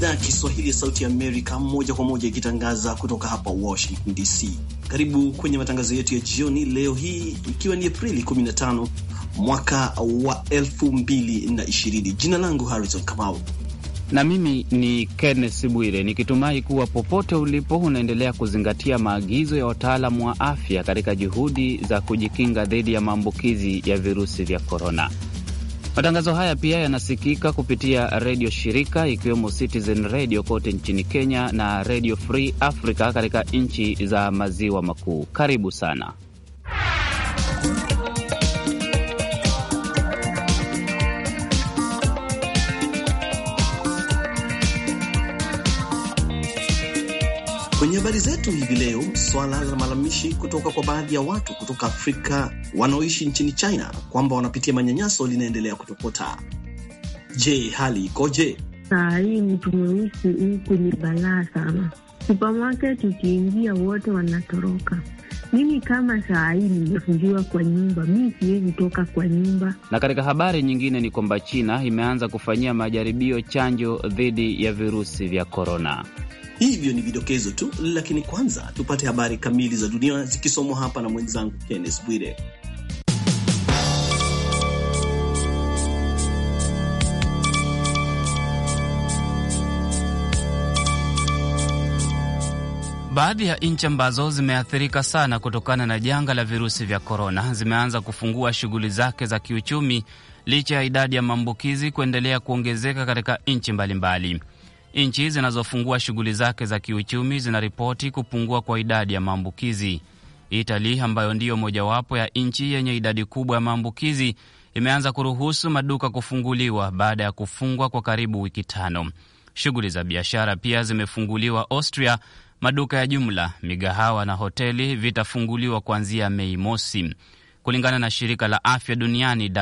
idhaa ya Kiswahili ya Sauti ya Amerika moja kwa moja ikitangaza kutoka hapa Washington DC. Karibu kwenye matangazo yetu ya jioni leo hii, ikiwa ni Aprili 15 mwaka wa 2020. Jina langu Harrison Kamau na mimi ni Kenneth Bwire nikitumai kuwa popote ulipo unaendelea kuzingatia maagizo ya wataalamu wa afya katika juhudi za kujikinga dhidi ya maambukizi ya virusi vya korona. Matangazo haya pia yanasikika kupitia redio shirika ikiwemo Citizen Radio kote nchini Kenya na Radio Free Africa katika nchi za maziwa makuu. Karibu sana. Kwenye habari zetu hivi leo, swala la malalamishi kutoka kwa baadhi ya watu kutoka Afrika wanaoishi nchini China kwamba wanapitia manyanyaso linaendelea kutokota. Je, hali ikoje? Saa hii mtu mweusi huku ni balaa sana. Supermarket ukiingia, wote wanatoroka. Mimi kama saa hii nimefungiwa kwa nyumba, mi siwezi toka kwa nyumba. Na katika habari nyingine ni kwamba China imeanza kufanyia majaribio chanjo dhidi ya virusi vya korona. Hivyo ni vidokezo tu, lakini kwanza tupate habari kamili za dunia zikisomwa hapa na mwenzangu Kenneth Bwire. Baadhi ya nchi ambazo zimeathirika sana kutokana na janga la virusi vya korona zimeanza kufungua shughuli zake za kiuchumi licha ya idadi ya maambukizi kuendelea kuongezeka katika nchi mbalimbali. Nchi zinazofungua shughuli zake za kiuchumi zinaripoti kupungua kwa idadi ya maambukizi. Itali ambayo ndiyo mojawapo ya nchi yenye idadi kubwa ya maambukizi imeanza kuruhusu maduka kufunguliwa baada ya kufungwa kwa karibu wiki tano. Shughuli za biashara pia zimefunguliwa Austria. Maduka ya jumla, migahawa na hoteli vitafunguliwa kuanzia Mei mosi. Kulingana na shirika la afya duniani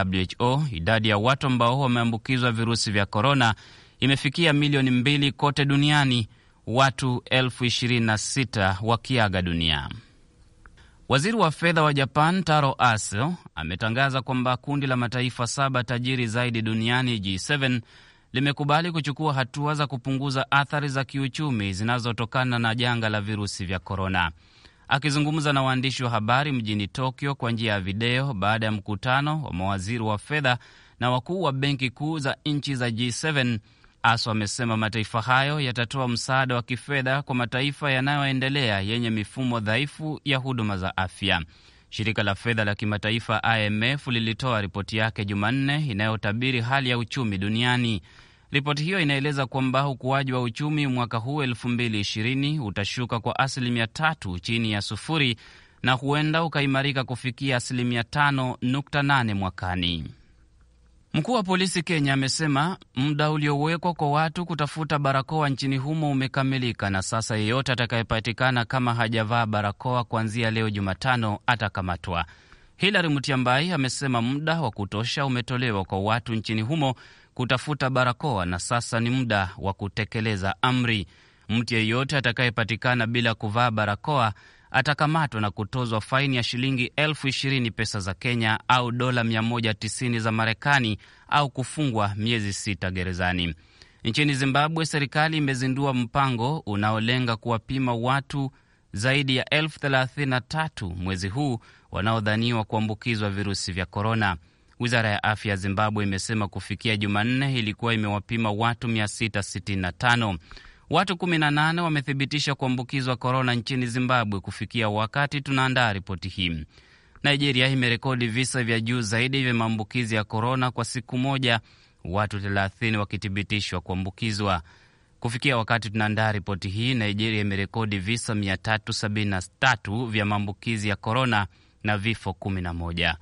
WHO, idadi ya watu ambao wameambukizwa virusi vya korona imefikia milioni mbili kote duniani, watu elfu ishirini na sita wakiaga dunia. Waziri wa fedha wa Japan Taro Aso ametangaza kwamba kundi la mataifa saba tajiri zaidi duniani G7 limekubali kuchukua hatua za kupunguza athari za kiuchumi zinazotokana na janga la virusi vya korona. Akizungumza na waandishi wa habari mjini Tokyo kwa njia ya video baada ya mkutano wa mawaziri wa fedha na wakuu wa benki kuu za nchi za G7 ASO amesema mataifa hayo yatatoa msaada wa kifedha kwa mataifa yanayoendelea yenye mifumo dhaifu ya huduma za afya. Shirika la fedha la kimataifa IMF lilitoa ripoti yake Jumanne inayotabiri hali ya uchumi duniani. Ripoti hiyo inaeleza kwamba ukuaji wa uchumi mwaka huu 2020 utashuka kwa asilimia tatu chini ya sufuri na huenda ukaimarika kufikia asilimia 5.8 mwakani. Mkuu wa polisi Kenya amesema muda uliowekwa kwa watu kutafuta barakoa nchini humo umekamilika na sasa yeyote atakayepatikana kama hajavaa barakoa kuanzia leo Jumatano atakamatwa. Hilary Mutiambai amesema muda wa kutosha umetolewa kwa watu nchini humo kutafuta barakoa na sasa ni muda wa kutekeleza amri. Mtu yeyote atakayepatikana bila kuvaa barakoa atakamatwa na kutozwa faini ya shilingi elfu ishirini pesa za Kenya au dola 190 za Marekani au kufungwa miezi sita gerezani. Nchini Zimbabwe, serikali imezindua mpango unaolenga kuwapima watu zaidi ya elfu thelathini na tatu mwezi huu wanaodhaniwa kuambukizwa virusi vya korona. Wizara ya afya ya Zimbabwe imesema kufikia Jumanne ilikuwa imewapima watu 665. Watu 18 wamethibitisha kuambukizwa korona nchini Zimbabwe kufikia wakati tunaandaa ripoti hii. Nigeria imerekodi visa vya juu zaidi vya maambukizi ya korona kwa siku moja, watu 30 wakithibitishwa kuambukizwa. Kufikia wakati tunaandaa ripoti hii, Nigeria imerekodi visa 373 vya maambukizi ya korona na vifo 11.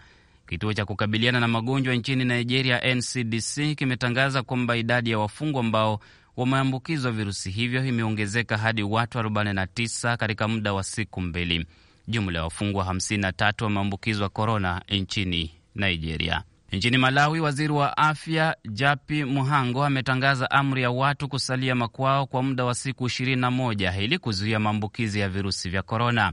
Kituo cha kukabiliana na magonjwa nchini Nigeria, NCDC, kimetangaza kwamba idadi ya wafungwa ambao wameambukizwa virusi hivyo imeongezeka hadi watu 49 katika muda wa siku mbili. Jumla ya wafungwa 53 wameambukizwa korona nchini Nigeria. Nchini Malawi, waziri wa afya Japi Muhango ametangaza amri ya watu kusalia makwao kwa muda wa siku 21 ili kuzuia maambukizi ya virusi vya korona.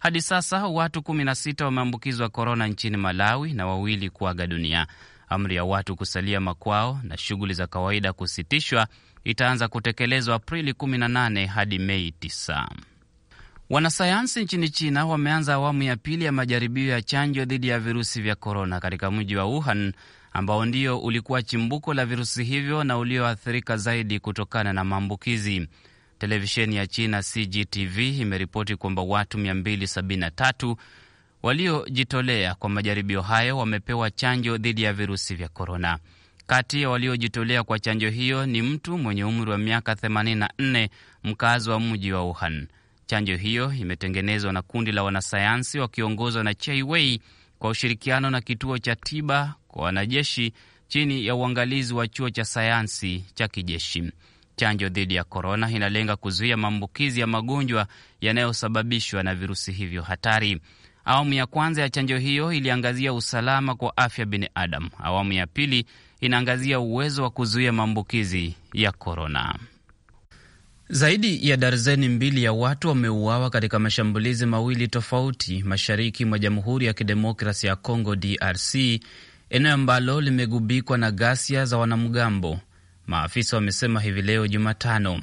Hadi sasa watu 16 wameambukizwa korona nchini Malawi na wawili kuaga dunia. Amri ya watu kusalia makwao na shughuli za kawaida kusitishwa itaanza kutekelezwa Aprili 18 hadi Mei 9. Wanasayansi nchini China wameanza awamu ya pili ya majaribio ya chanjo dhidi ya virusi vya korona katika mji wa Wuhan ambao ndio ulikuwa chimbuko la virusi hivyo na ulioathirika zaidi kutokana na maambukizi. Televisheni ya China CGTV imeripoti kwamba watu 273 waliojitolea kwa majaribio hayo wamepewa chanjo dhidi ya virusi vya korona. Kati ya waliojitolea kwa chanjo hiyo ni mtu mwenye umri wa miaka 84 mkazi wa mji wa Wuhan. Chanjo hiyo imetengenezwa na kundi la wanasayansi wakiongozwa na Chai Wei kwa ushirikiano na kituo cha tiba kwa wanajeshi chini ya uangalizi wa chuo cha sayansi cha kijeshi. Chanjo dhidi ya korona inalenga kuzuia maambukizi ya magonjwa yanayosababishwa na virusi hivyo hatari. Awamu ya kwanza ya chanjo hiyo iliangazia usalama kwa afya binadamu. Awamu ya pili inaangazia uwezo wa kuzuia maambukizi ya korona. Zaidi ya darzeni mbili ya watu wameuawa katika mashambulizi mawili tofauti mashariki mwa Jamhuri ya Kidemokrasi ya congo DRC, eneo ambalo limegubikwa na ghasia za wanamgambo, maafisa wamesema hivi leo Jumatano.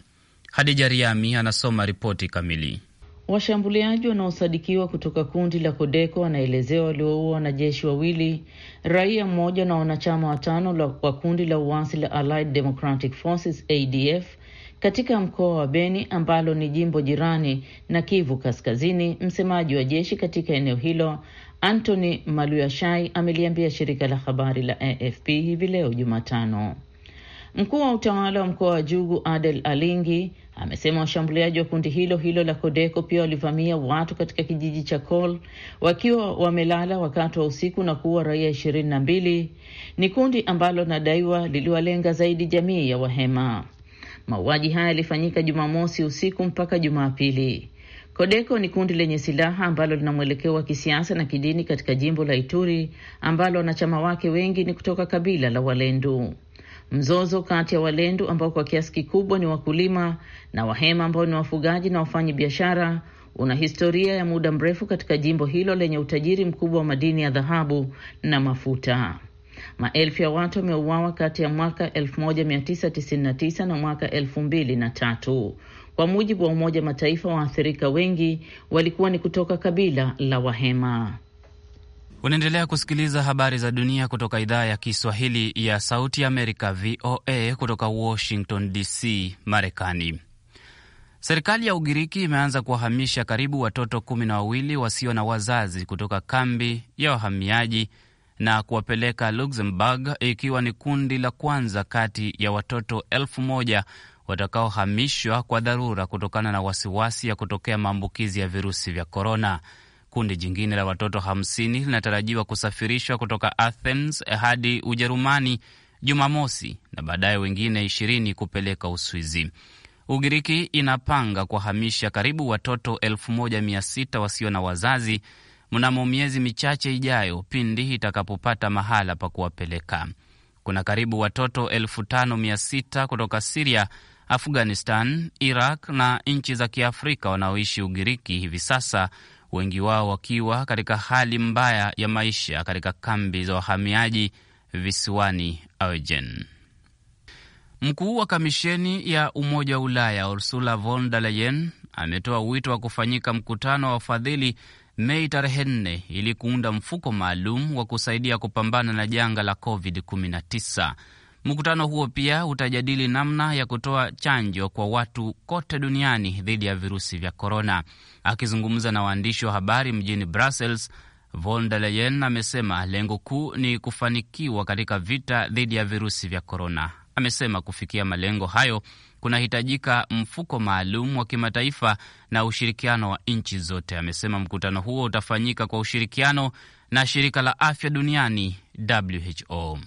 Hadija Riami anasoma ripoti kamili. Washambuliaji wanaosadikiwa kutoka kundi la Kodeko wanaelezewa walioua wanajeshi wawili, raia mmoja na wanachama watano wa kundi la uasi la Allied Democratic Forces ADF katika mkoa wa Beni ambalo ni jimbo jirani na Kivu Kaskazini. Msemaji wa jeshi katika eneo hilo Anthony Maluyashai ameliambia shirika la habari la AFP hivi leo Jumatano. Mkuu wa utawala wa mkoa wa Jugu Adel Alingi Amesema washambuliaji wa kundi hilo hilo la Kodeko pia walivamia watu katika kijiji cha Kol wakiwa wamelala wakati wa usiku na kuua raia ishirini na mbili. Ni kundi ambalo nadaiwa liliwalenga zaidi jamii ya Wahema. Mauaji haya yalifanyika Jumamosi usiku mpaka Jumapili. Kodeko ni kundi lenye silaha ambalo lina mwelekeo wa kisiasa na kidini katika jimbo la Ituri ambalo wanachama wake wengi ni kutoka kabila la Walendu. Mzozo kati ya Walendu ambao kwa kiasi kikubwa ni wakulima na Wahema ambao ni wafugaji na wafanyi biashara una historia ya muda mrefu katika jimbo hilo lenye utajiri mkubwa wa madini ya dhahabu na mafuta. Maelfu ya watu wameuawa kati ya mwaka 1999 na mwaka 2003. Kwa mujibu wa Umoja Mataifa, waathirika wengi walikuwa ni kutoka kabila la Wahema. Unaendelea kusikiliza habari za dunia kutoka idhaa ya Kiswahili ya Sauti ya Amerika, VOA, kutoka Washington DC, Marekani. Serikali ya Ugiriki imeanza kuwahamisha karibu watoto kumi na wawili wasio na wazazi kutoka kambi ya wahamiaji na kuwapeleka Luxembourg, ikiwa ni kundi la kwanza kati ya watoto elfu moja watakaohamishwa kwa dharura kutokana na wasiwasi ya kutokea maambukizi ya virusi vya korona. Kundi jingine la watoto 50 linatarajiwa kusafirishwa kutoka Athens hadi Ujerumani Jumamosi na baadaye wengine 20 kupeleka Uswizi. Ugiriki inapanga kuwahamisha karibu watoto 1600 wasio na wazazi mnamo miezi michache ijayo pindi itakapopata mahala pa kuwapeleka. Kuna karibu watoto 5600 kutoka Siria, Afghanistan, Iraq na nchi za Kiafrika wanaoishi Ugiriki hivi sasa wengi wao wakiwa katika hali mbaya ya maisha katika kambi za wahamiaji visiwani Aegean. Mkuu wa kamisheni ya Umoja wa Ulaya Ursula von der Leyen ametoa wito wa kufanyika mkutano wa wafadhili Mei tarehe 4 ili kuunda mfuko maalum wa kusaidia kupambana na janga la COVID-19. Mkutano huo pia utajadili namna ya kutoa chanjo kwa watu kote duniani dhidi ya virusi vya korona. Akizungumza na waandishi wa habari mjini Brussels, Von der Leyen amesema lengo kuu ni kufanikiwa katika vita dhidi ya virusi vya korona. Amesema kufikia malengo hayo kunahitajika mfuko maalum wa kimataifa na ushirikiano wa nchi zote. Amesema mkutano huo utafanyika kwa ushirikiano na shirika la afya duniani WHO.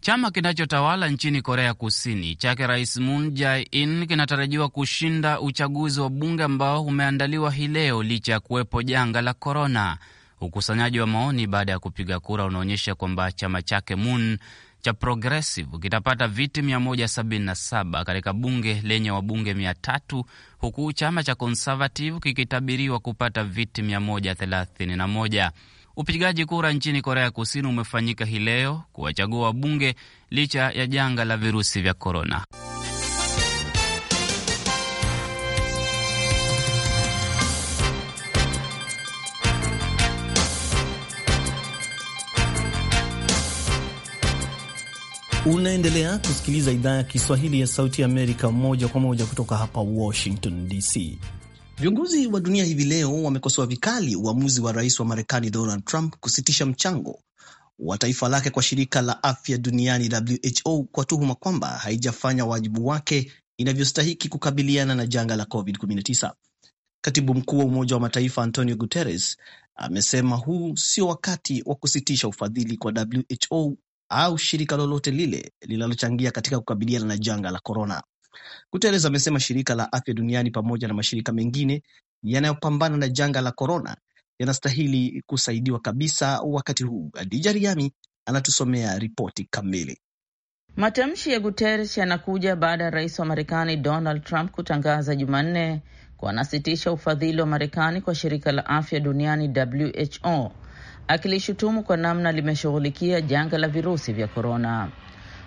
Chama kinachotawala nchini Korea Kusini chake Rais Moon Jae-in kinatarajiwa kushinda uchaguzi wa bunge ambao umeandaliwa hii leo licha ya kuwepo janga la korona. Ukusanyaji wa maoni baada ya kupiga kura unaonyesha kwamba chama chake Moon cha Progressive kitapata viti 177 katika bunge lenye wabunge 300 huku chama cha Conservative kikitabiriwa kupata viti 131. Upigaji kura nchini Korea Kusini umefanyika hii leo kuwachagua wabunge licha ya janga la virusi vya korona. Unaendelea kusikiliza idhaa ya Kiswahili ya Sauti ya Amerika moja kwa moja kutoka hapa Washington DC. Viongozi wa dunia hivi leo wamekosoa vikali uamuzi wa rais wa Marekani Donald Trump kusitisha mchango wa taifa lake kwa shirika la afya duniani WHO kwa tuhuma kwamba haijafanya wajibu wake inavyostahiki kukabiliana na janga la COVID-19. Katibu mkuu wa Umoja wa Mataifa Antonio Guterres amesema huu sio wakati wa kusitisha ufadhili kwa WHO au shirika lolote lile linalochangia katika kukabiliana na janga la korona. Guterres amesema shirika la afya duniani pamoja na mashirika mengine yanayopambana na janga la korona yanastahili kusaidiwa kabisa wakati huu. Adija Riami anatusomea ripoti kamili. Matamshi ya Guterres yanakuja baada ya rais wa Marekani Donald Trump kutangaza Jumanne kuwa anasitisha ufadhili wa Marekani kwa shirika la afya duniani WHO, akilishutumu kwa namna limeshughulikia janga la virusi vya korona.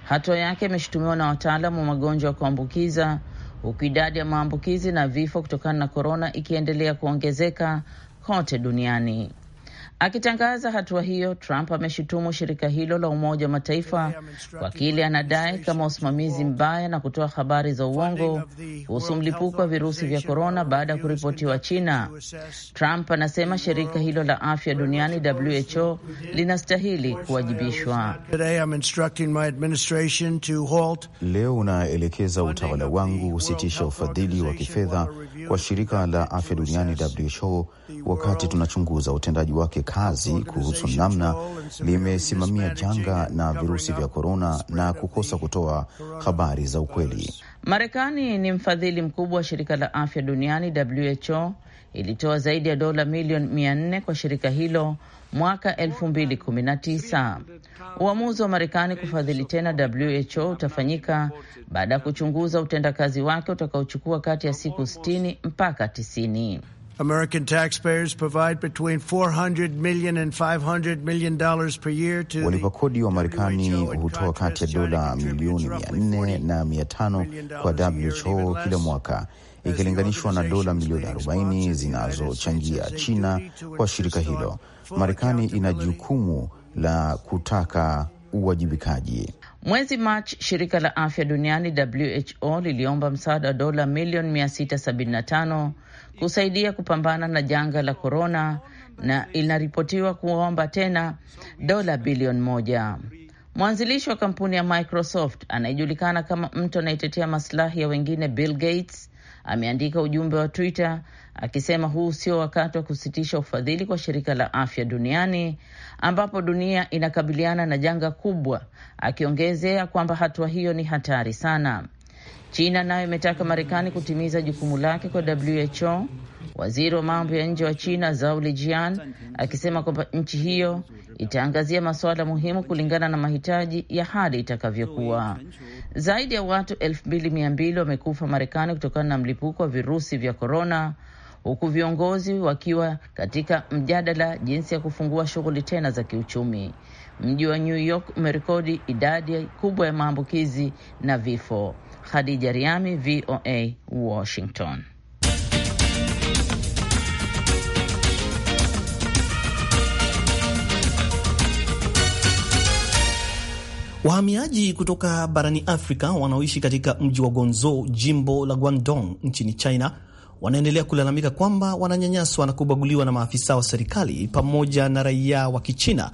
Hatua yake imeshutumiwa na wataalamu wa magonjwa ya kuambukiza huku idadi ya maambukizi na vifo kutokana na korona ikiendelea kuongezeka kote duniani. Akitangaza hatua hiyo, Trump ameshutumu shirika hilo la Umoja wa Mataifa kwa kile anadai kama usimamizi mbaya na kutoa habari za uongo kuhusu mlipuko wa virusi vya korona baada ya kuripotiwa China. Trump anasema shirika hilo la afya duniani WHO linastahili kuwajibishwa. Leo unaelekeza utawala wangu usitisha ufadhili wa kifedha kwa shirika la afya duniani WHO wakati tunachunguza utendaji wake kazi kuhusu namna limesimamia janga na virusi vya korona na kukosa kutoa habari za ukweli. Marekani ni mfadhili mkubwa wa shirika la afya duniani WHO, ilitoa zaidi ya dola milioni 400 kwa shirika hilo mwaka 2019. Uamuzi wa Marekani kufadhili tena WHO utafanyika baada ya kuchunguza utendakazi wake utakaochukua kati ya siku 60 mpaka 90. American taxpayers provide between 400 million and 500 million dollars per year to walipa kodi wa Marekani hutoa kati ya dola milioni 400 na 500 kwa WHO kila mwaka ikilinganishwa na dola milioni 40 zinazochangia China kwa shirika hilo. Marekani ina jukumu la kutaka uwajibikaji. Mwezi Machi, shirika la afya duniani WHO liliomba msaada wa dola milioni 675 kusaidia kupambana na janga la korona, na inaripotiwa kuomba tena dola bilioni moja. Mwanzilishi wa kampuni ya Microsoft anayejulikana kama mtu anayetetea masilahi ya wengine, Bill Gates ameandika ujumbe wa Twitter akisema huu sio wakati wa kusitisha ufadhili kwa shirika la afya duniani ambapo dunia inakabiliana na janga kubwa, akiongezea kwamba hatua hiyo ni hatari sana. China nayo imetaka Marekani kutimiza jukumu lake kwa WHO, waziri wa mambo ya nje wa China Zhao Lijian akisema kwamba nchi hiyo itaangazia masuala muhimu kulingana na mahitaji ya hali itakavyokuwa. Zaidi ya watu 22 wamekufa Marekani kutokana na mlipuko wa virusi vya korona, huku viongozi wakiwa katika mjadala jinsi ya kufungua shughuli tena za kiuchumi. Mji wa New York umerekodi idadi kubwa ya maambukizi na vifo. Khadija Riami, VOA Washington. Wahamiaji kutoka barani Afrika wanaoishi katika mji wa Guangzhou, jimbo la Guangdong nchini China, wanaendelea kulalamika kwamba wananyanyaswa na kubaguliwa na maafisa wa serikali pamoja na raia wa Kichina,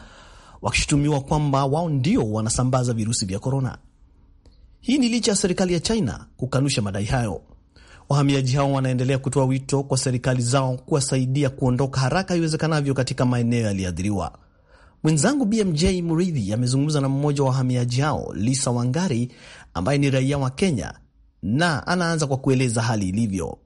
wakishutumiwa kwamba wao ndio wanasambaza virusi vya korona. Hii ni licha ya serikali ya China kukanusha madai hayo. Wahamiaji hao wanaendelea kutoa wito kwa serikali zao kuwasaidia kuondoka haraka iwezekanavyo katika maeneo yaliyoathiriwa. Mwenzangu BMJ Muridhi amezungumza na mmoja wa wahamiaji hao, Lisa Wangari, ambaye ni raia wa Kenya, na anaanza kwa kueleza hali ilivyo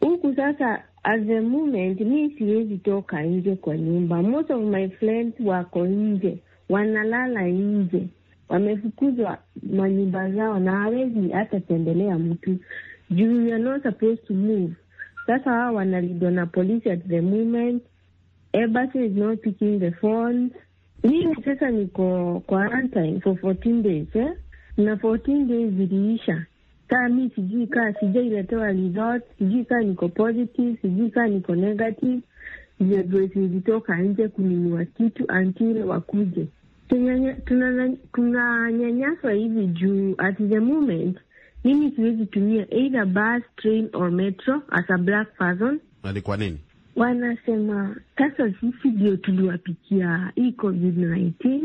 huku sasa. At the moment mi siwezi toka nje kwa nyumba, most of my friends wako nje, wanalala nje wamefukuzwa manyumba zao na hawezi hata tembelea mtu juu you're not supposed to move. Sasa hao wanalindwa na polisi at the moment. Embassy is not picking the phones. Mimi sasa niko quarantine for 14 days eh? na 14 days ziliisha kaa mi sijui kaa sijailetewa result, sijui kaa niko positive, sijui kaa niko negative. zitoka nje kununua kitu until wakuje tunanyanyaswa hivi juu at the moment mimi siwezi tumia either bus, train or metro as a black person. ni kwa nini wanasema sasa sisi ndio tuliwapikia hii covid 19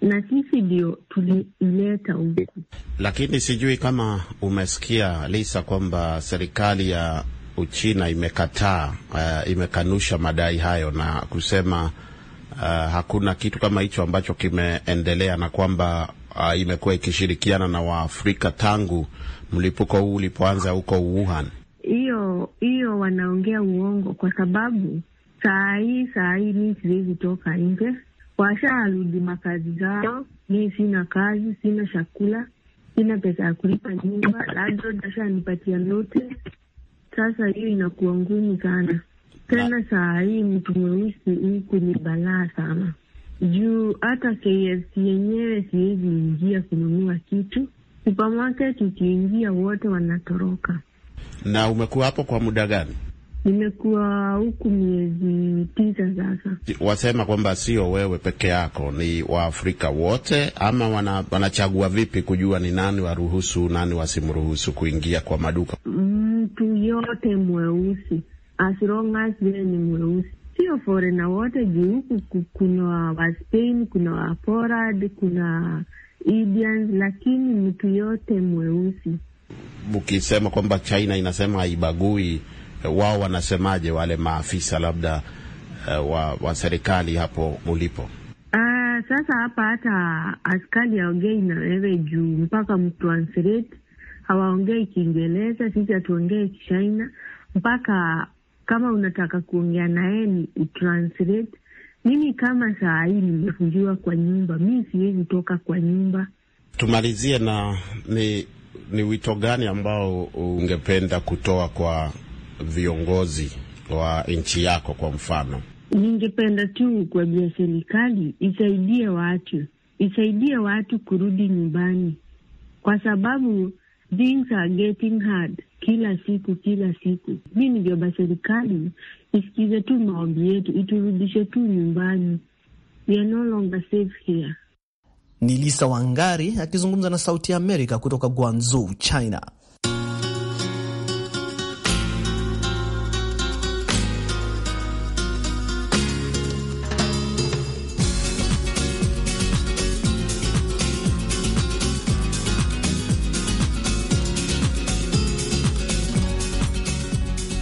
na sisi ndio tulileta huku. Lakini sijui kama umesikia Lisa, kwamba serikali ya Uchina imekataa uh, imekanusha madai hayo na kusema uh, hakuna kitu kama hicho ambacho kimeendelea na kwamba uh, imekuwa ikishirikiana na Waafrika tangu mlipuko huu ulipoanza huko Wuhan. Hiyo hiyo wanaongea uongo, kwa sababu saa hii saa hii mi siwezi toka nje, washarudi makazi zao. Mi sina kazi, sina chakula, sina pesa ya kulipa nyumba, landlord ashanipatia noti. Sasa hiyo inakuwa ngumu sana tena saa hii mtu mweusi huku ni balaa sana, juu hata KFC yenyewe siwezi ingia kununua kitu. Supermarket ukiingia wote wanatoroka. Na umekuwa hapo kwa muda gani? Nimekuwa huku miezi tisa sasa. Wasema kwamba sio wewe peke yako, ni Waafrika wote ama wana, wanachagua vipi kujua ni nani waruhusu nani wasimruhusu kuingia kwa maduka? Mtu yote mweusi as long as vile ni mweusi, sio forena wote juu huku kuna Waspain, kuna Waporad, kuna Indians, lakini mtu yote mweusi. Ukisema kwamba China inasema haibagui, wao wanasemaje wale maafisa labda uh, wa, wa serikali hapo ulipo Uh, sasa hapa hata askari aongei na wewe juu mpaka mtranslate, hawaongei Kiingereza, sisi hatuongee Kichina mpaka kama unataka kuongea naye ni utranslate. Mimi kama saa hii nimefungiwa kwa nyumba, mi siwezi toka kwa nyumba. Tumalizie na ni, ni wito gani ambao ungependa kutoa kwa viongozi wa nchi yako? Kwa mfano, ningependa tu kuambia serikali isaidie watu, isaidie watu kurudi nyumbani, kwa sababu things are getting hard kila siku kila siku. Mi ningeomba serikali isikize tu maombi yetu, iturudishe tu nyumbani. We are no longer safe here. Ni Lisa Wangari akizungumza na Sauti ya Amerika kutoka Guangzhou, China.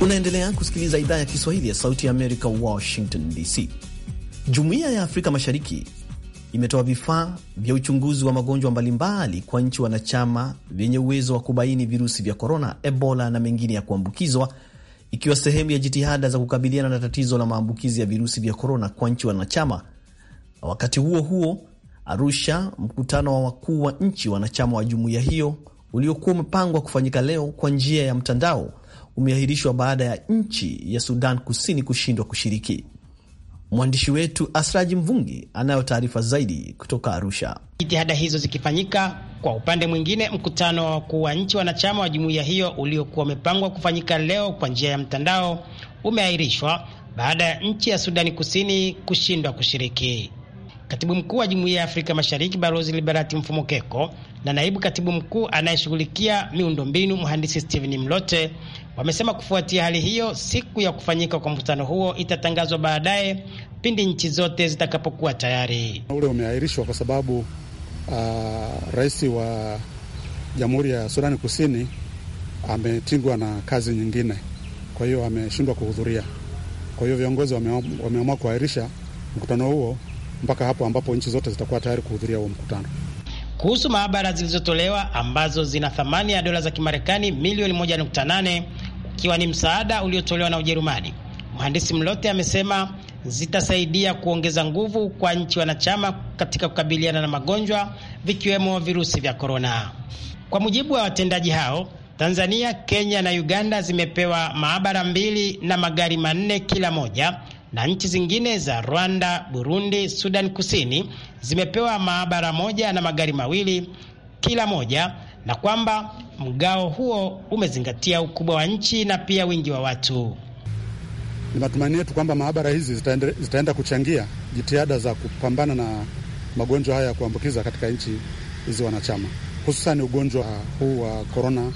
Unaendelea kusikiliza idhaa ya Kiswahili ya Sauti ya Amerika, Washington DC. Jumuiya ya Afrika Mashariki imetoa vifaa vya uchunguzi wa magonjwa mbalimbali kwa nchi wanachama vyenye uwezo wa kubaini virusi vya korona, ebola na mengine ya kuambukizwa, ikiwa sehemu ya jitihada za kukabiliana na tatizo la maambukizi ya virusi vya korona kwa nchi wanachama. Wakati huo huo, Arusha, mkutano wa wakuu wa nchi wanachama wa jumuiya hiyo uliokuwa umepangwa kufanyika leo kwa njia ya mtandao umeahirishwa baada ya nchi ya Sudan Kusini kushindwa kushiriki. Mwandishi wetu Asraji Mvungi anayo taarifa zaidi kutoka Arusha. Jitihada hizo zikifanyika, kwa upande mwingine, mkutano wa wakuu wa nchi wanachama wa jumuiya hiyo uliokuwa umepangwa kufanyika leo kwa njia ya mtandao umeahirishwa baada ya nchi ya Sudani Kusini kushindwa kushiriki. Katibu mkuu wa Jumuiya ya Afrika Mashariki Balozi Liberati Mfumukeko na naibu katibu mkuu anayeshughulikia miundombinu mhandisi Steven Mlote wamesema kufuatia hali hiyo, siku ya kufanyika kwa mkutano huo itatangazwa baadaye pindi nchi zote zitakapokuwa tayari. Ule umeahirishwa kwa sababu uh, rais wa Jamhuri ya Sudani Kusini ametingwa na kazi nyingine, kwa hiyo ameshindwa kuhudhuria. Kwa hiyo viongozi wameamua kuahirisha mkutano huo mpaka hapo ambapo nchi zote zitakuwa tayari kuhudhuria huo mkutano. Kuhusu maabara zilizotolewa ambazo zina thamani ya dola za Kimarekani milioni 1.8 ukiwa ni msaada uliotolewa na Ujerumani, mhandisi Mlote amesema zitasaidia kuongeza nguvu kwa nchi wanachama katika kukabiliana na magonjwa vikiwemo virusi vya korona. Kwa mujibu wa watendaji hao, Tanzania, Kenya na Uganda zimepewa maabara mbili na magari manne kila moja na nchi zingine za Rwanda, Burundi, Sudan Kusini zimepewa maabara moja na magari mawili kila moja, na kwamba mgao huo umezingatia ukubwa wa nchi na pia wingi wa watu. Ni matumaini yetu kwamba maabara hizi zitaenda kuchangia jitihada za kupambana na magonjwa haya ya kuambukiza katika nchi hizi wanachama, hususan ugonjwa huu wa korona.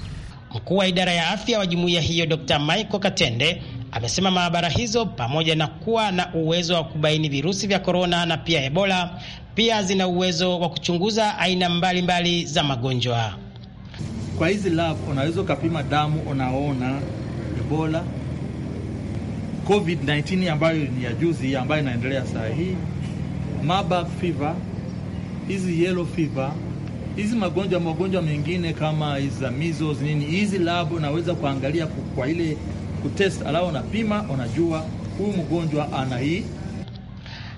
Mkuu wa idara ya afya wa jumuiya hiyo Dr. Michael Katende Amesema maabara hizo pamoja na kuwa na uwezo wa kubaini virusi vya korona na pia Ebola, pia zina uwezo wa kuchunguza aina mbalimbali mbali za magonjwa. Kwa hizi lab unaweza ukapima damu, unaona Ebola, COVID-19 ambayo ni ya juzi, ambayo inaendelea saa hii, Marburg fever, hizi yellow fever, hizi magonjwa magonjwa mengine kama hizi za measles nini, hizi lab unaweza kuangalia kwa ile kutest, alafu unapima, unajua huyu mgonjwa ana hii.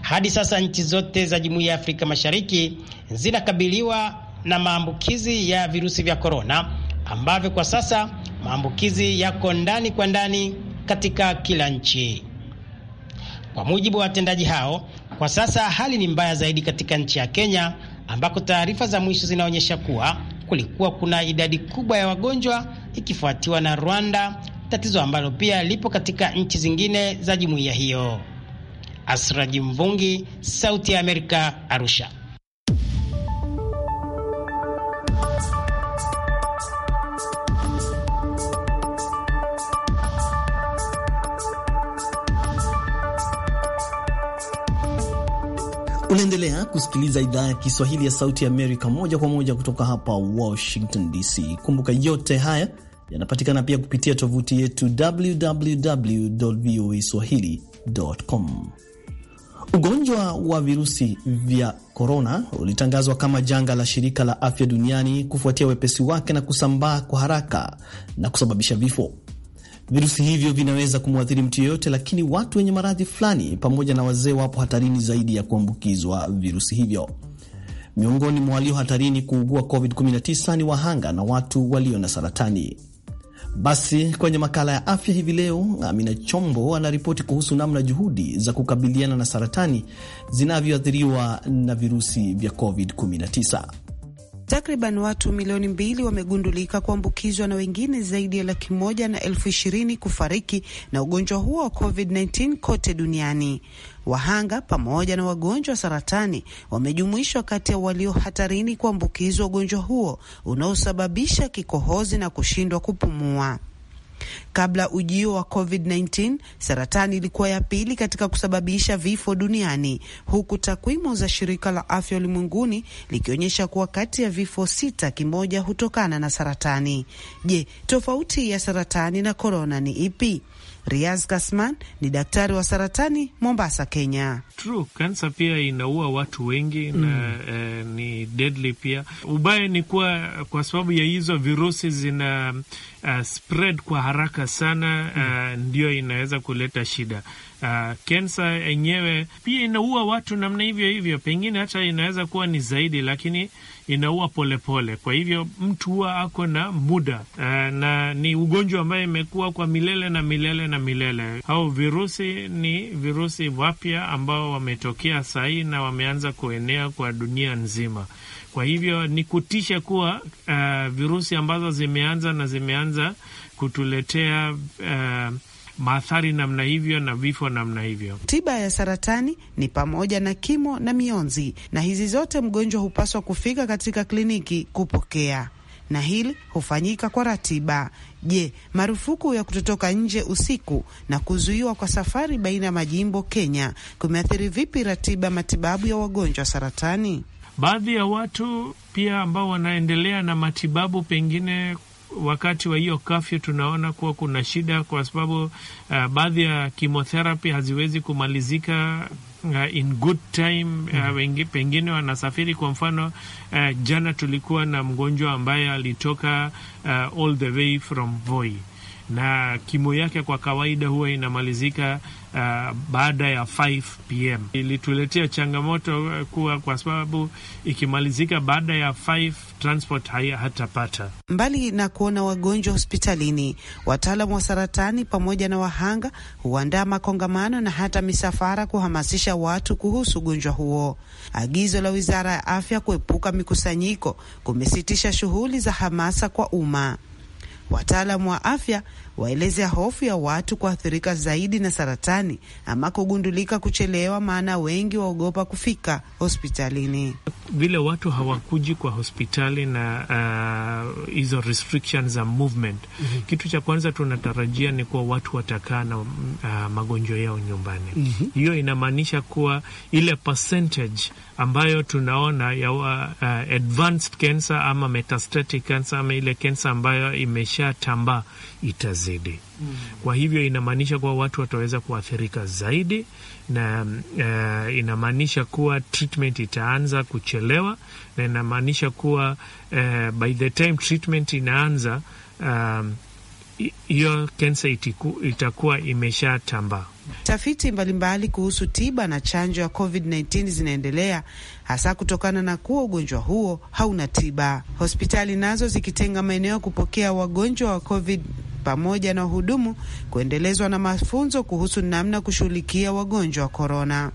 Hadi sasa nchi zote za Jumuiya ya Afrika Mashariki zinakabiliwa na maambukizi ya virusi vya korona, ambavyo kwa sasa maambukizi yako ndani kwa ndani katika kila nchi. Kwa mujibu wa watendaji hao, kwa sasa hali ni mbaya zaidi katika nchi ya Kenya, ambako taarifa za mwisho zinaonyesha kuwa kulikuwa kuna idadi kubwa ya wagonjwa ikifuatiwa na Rwanda, tatizo ambalo pia lipo katika nchi zingine za jumuiya hiyo. Asraji Mvungi, Sauti ya Amerika, Arusha. Unaendelea kusikiliza idhaa ya Kiswahili ya Sauti ya Amerika moja kwa moja kutoka hapa Washington DC. Kumbuka yote haya yanapatikana pia kupitia tovuti yetu www www.voaswahili.com. Ugonjwa wa virusi vya korona ulitangazwa kama janga la shirika la afya duniani kufuatia wepesi wake na kusambaa kwa haraka na kusababisha vifo. Virusi hivyo vinaweza kumwathiri mtu yeyote, lakini watu wenye maradhi fulani pamoja na wazee wapo hatarini zaidi ya kuambukizwa virusi hivyo. Miongoni mwa walio hatarini kuugua COVID-19 ni wahanga na watu walio na saratani. Basi kwenye makala ya afya hivi leo, Amina Chombo anaripoti kuhusu namna juhudi za kukabiliana na saratani zinavyoathiriwa na virusi vya COVID-19. Takriban watu milioni mbili wamegundulika kuambukizwa na wengine zaidi ya laki moja na elfu ishirini kufariki na ugonjwa huo wa COVID-19 kote duniani. Wahanga pamoja na wagonjwa wa saratani wamejumuishwa kati ya walio hatarini kuambukizwa ugonjwa huo unaosababisha kikohozi na kushindwa kupumua. Kabla ujio wa COVID-19, saratani ilikuwa ya pili katika kusababisha vifo duniani, huku takwimu za shirika la afya ulimwenguni likionyesha kuwa kati ya vifo sita kimoja hutokana na saratani. Je, tofauti ya saratani na korona ni ipi? Riaz Kasman ni daktari wa saratani Mombasa, Kenya. True, kansa pia inaua watu wengi mm. na eh, ni deadly pia. Ubaya ni kuwa kwa sababu ya hizo virusi zina uh, spread kwa haraka sana mm. uh, ndio inaweza kuleta shida Kensa eh, kansa yenyewe pia inaua watu namna hivyo hivyo, pengine hata inaweza kuwa ni zaidi, lakini inaua polepole. Kwa hivyo mtu huwa ako na muda e, na ni ugonjwa ambaye imekuwa kwa milele na milele na milele. au virusi ni virusi wapya ambao wametokea sahii na wameanza kuenea kwa dunia nzima. Kwa hivyo ni kutisha kuwa uh, virusi ambazo zimeanza na zimeanza kutuletea uh, maathari namna hivyo na vifo namna hivyo. Tiba ya saratani ni pamoja na kimo na mionzi, na hizi zote mgonjwa hupaswa kufika katika kliniki kupokea, na hili hufanyika kwa ratiba. Je, marufuku ya kutotoka nje usiku na kuzuiwa kwa safari baina ya majimbo Kenya kumeathiri vipi ratiba matibabu ya wagonjwa saratani? Baadhi ya watu pia ambao wanaendelea na matibabu pengine wakati wa hiyo kafyu tunaona kuwa kuna shida kwa sababu uh, baadhi ya chemotherapy haziwezi kumalizika uh, in good time uh, mm-hmm. wengi, pengine wanasafiri. Kwa mfano uh, jana tulikuwa na mgonjwa ambaye alitoka uh, all the way from Voi na kimo yake kwa kawaida huwa inamalizika uh, baada ya 5 pm. Ilituletea changamoto uh, kuwa kwa sababu ikimalizika baada ya 5 transport haya hatapata. Mbali na kuona wagonjwa hospitalini, wataalamu wa saratani pamoja na wahanga huandaa makongamano na hata misafara kuhamasisha watu kuhusu ugonjwa huo. Agizo la Wizara ya Afya kuepuka mikusanyiko kumesitisha shughuli za hamasa kwa umma. Wataalamu wa afya waelezea hofu ya watu kuathirika zaidi na saratani ama kugundulika kuchelewa, maana wengi waogopa kufika hospitalini vile watu hawakuji kwa hospitali na uh, hizo uh, restrictions za movement mm -hmm. Kitu cha kwanza tunatarajia ni kuwa watu watakaa na uh, magonjwa yao nyumbani mm -hmm. Hiyo inamaanisha kuwa ile percentage ambayo tunaona ya uh, uh, advanced cancer ama metastatic cancer ama ile cancer ambayo imeshatambaa itazidi. Mm. Kwa hivyo inamaanisha kuwa watu wataweza kuathirika zaidi, na uh, inamaanisha kuwa treatment itaanza kuchelewa, na inamaanisha kuwa uh, by the time treatment inaanza um, hiyo kensa itakuwa imeshatambaa. Tafiti mbalimbali kuhusu tiba na chanjo ya COVID-19 zinaendelea hasa kutokana na kuwa ugonjwa huo hauna tiba, hospitali nazo zikitenga maeneo ya kupokea wagonjwa wa COVID pamoja na wahudumu kuendelezwa na mafunzo kuhusu namna kushughulikia wagonjwa wa korona.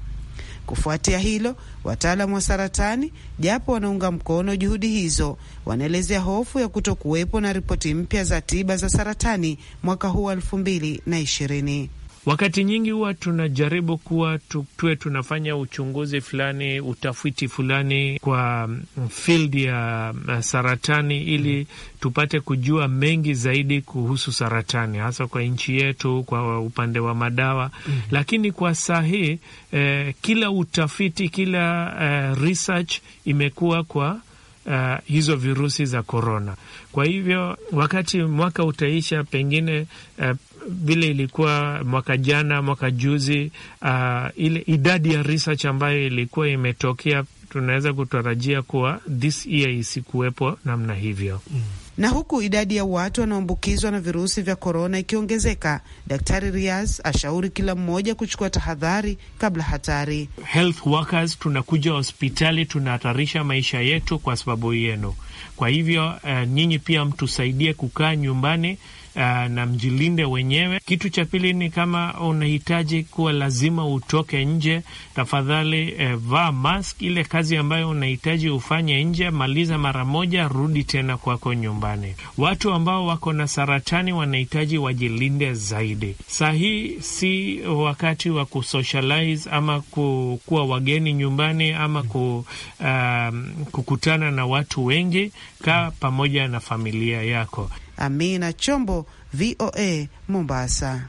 Kufuatia hilo, wataalamu wa saratani, japo wanaunga mkono juhudi hizo, wanaelezea hofu ya kuto kuwepo na ripoti mpya za tiba za saratani mwaka huu wa elfu mbili na ishirini. Wakati nyingi huwa tunajaribu kuwa tuwe tunafanya uchunguzi fulani, utafiti fulani kwa mm, field ya mm, saratani ili tupate kujua mengi zaidi kuhusu saratani, hasa kwa nchi yetu, kwa upande wa madawa mm -hmm. Lakini kwa saa hii eh, kila utafiti, kila eh, research imekuwa kwa Uh, hizo virusi za korona. Kwa hivyo wakati mwaka utaisha, pengine uh, vile ilikuwa mwaka jana, mwaka juzi, uh, ile idadi ya research ambayo ilikuwa imetokea tunaweza kutarajia kuwa this year isikuwepo namna hivyo mm. Na huku idadi ya watu wanaoambukizwa na virusi vya korona ikiongezeka, Daktari Riaz ashauri kila mmoja kuchukua tahadhari kabla hatari. Health workers, tunakuja hospitali, tunahatarisha maisha yetu kwa sababu yenu. Kwa hivyo uh, nyinyi pia mtusaidie kukaa nyumbani uh, na mjilinde wenyewe. Kitu cha pili ni kama unahitaji kuwa lazima utoke nje, tafadhali eh, vaa mask. Ile kazi ambayo unahitaji ufanye nje, maliza mara moja, rudi tena kwako nyumbani. Watu ambao wako na saratani wanahitaji wajilinde zaidi. Saa hii si wakati wa kusocialize ama kuwa wageni nyumbani ama ku, um, kukutana na watu wengi. Kaa pamoja na familia yako. Amina Chombo, VOA Mombasa.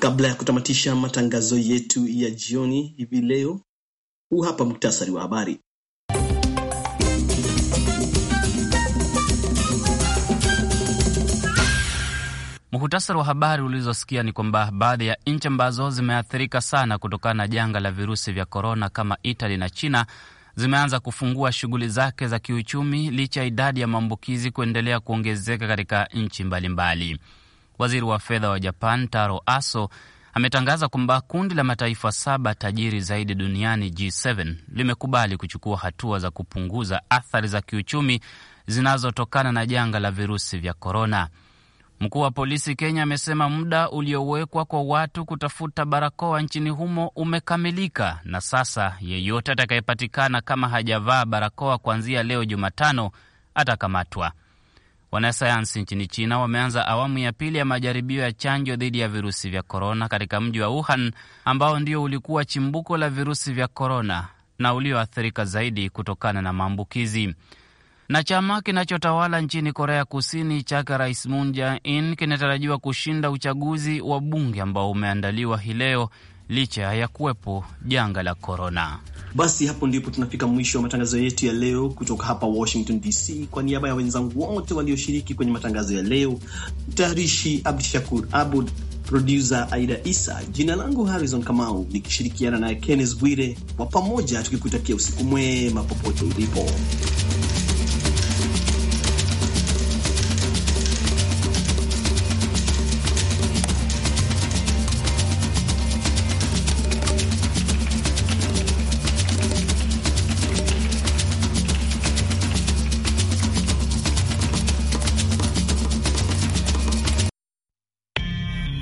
Kabla ya kutamatisha matangazo yetu ya jioni hivi leo, huu hapa muktasari wa habari. Muhtasari wa habari ulizosikia ni kwamba baadhi ya nchi ambazo zimeathirika sana kutokana na janga la virusi vya korona kama Itali na China zimeanza kufungua shughuli zake za kiuchumi licha ya idadi ya maambukizi kuendelea kuongezeka katika nchi mbalimbali. Waziri wa fedha wa Japan Taro Aso ametangaza kwamba kundi la mataifa saba tajiri zaidi duniani G7 limekubali kuchukua hatua za kupunguza athari za kiuchumi zinazotokana na janga la virusi vya korona. Mkuu wa polisi Kenya amesema muda uliowekwa kwa watu kutafuta barakoa nchini humo umekamilika, na sasa yeyote atakayepatikana kama hajavaa barakoa kuanzia leo Jumatano atakamatwa. Wanasayansi nchini China wameanza awamu ya pili ya majaribio ya chanjo dhidi ya virusi vya korona katika mji wa Wuhan ambao ndio ulikuwa chimbuko la virusi vya korona na ulioathirika zaidi kutokana na maambukizi. Na chama kinachotawala nchini Korea Kusini chake Rais Moon Jae-in kinatarajiwa kushinda uchaguzi wa bunge ambao umeandaliwa hii leo licha ya kuwepo janga la korona. Basi hapo ndipo tunafika mwisho wa matangazo yetu ya leo kutoka hapa Washington DC. Kwa niaba ya wenzangu wote walioshiriki kwenye matangazo ya leo, mtayarishi Abdishakur Abud, produsa Aida Isa, jina langu Harrison Kamau nikishirikiana naye Kennes Bwire, kwa pamoja tukikutakia usiku mwema popote ulipo.